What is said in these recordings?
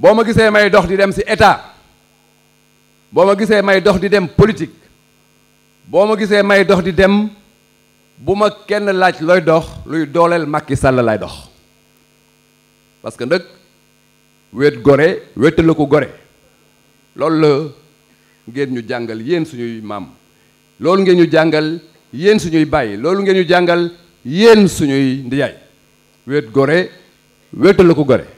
boo ma gisee may dox di dem ci état boo ma gisee may dox di dem politique boo ma gisee may dox di dem bu ma kenn laaj looy dox luy dooleel Macky Sall lay dox parce que nag wéet gore wéetala ko gore loolu la ngeen ñu jàngal yéen suñuy maam loolu ngeen ñu jàngal yéen suñuy bàyyi loolu ngeen ñu jàngal yéen suñuy ndiyaay wéet gore wéetala ko gore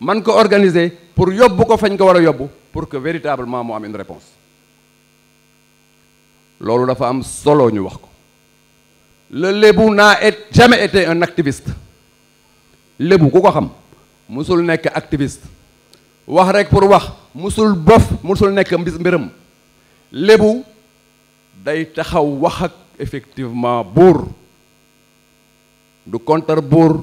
man ko organiser pour yóbbu ko fañ ko war a yóbbu pour que véritablement moo am une réponse loolu dafa am solo ñu wax ko le lébu n'a jamais été un activiste lébu ku ko xam mosul nekk activiste wax rek pour wax mosul bof musul nekk mbiram lébu day taxaw wax ak effectivement buur du kontar buur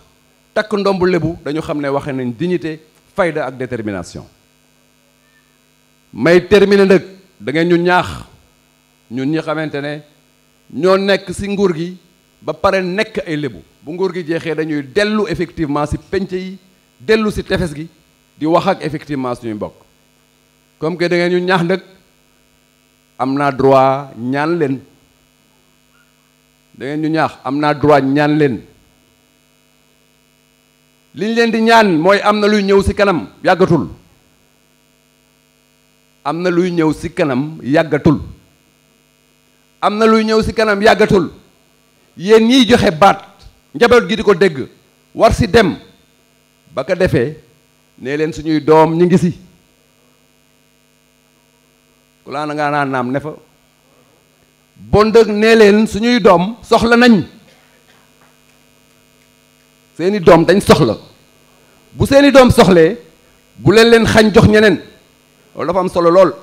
Tak ndomb lebu dañu xam ne waxe nañ dignité fayda ak détermination may terminer nak da ngeen ñu ñaax ñun ñi xamantene ne ñoo nek si nguur gi ba paré nek ay lebu bu nguur gi jexé dañuy delu effectivement si penc yi dellu ci tefes gi di wax ak effectivement suñu mbokk comme que da ngeen ñu ñaax nak amna droit ñaan len da ngeen ñu ñaax amna droit ñaan len li ñu leen di ñaan mooy am na luy ñëw si kanam yàggatul am na luy ñëw si kanam yàggatul am na luy ñëw ci kanam yàggatul yéen ñiy joxe baat njaboot gi di ko dégg war ci dem ba ko defee nee leen suñuy doom ñu ngi si ku laa na ngaa naa naam ne fa bon dëgg nee leen suñuy doom soxla nañ seeni doom dañ soxla bu seeni doom soxlee bu leen leen jox solo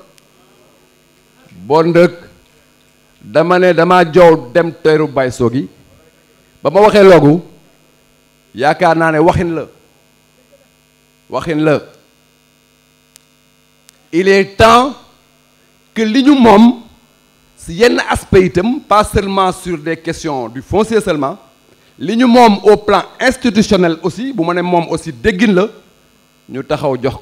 dama dama dem teeru bay waxin la waxin la il est temps que li ñu si yenn aspect pas seulement sur des questions du foncier seulement nous nous au plan institutionnel aussi bu ma aussi déggin la ñu taxaw jox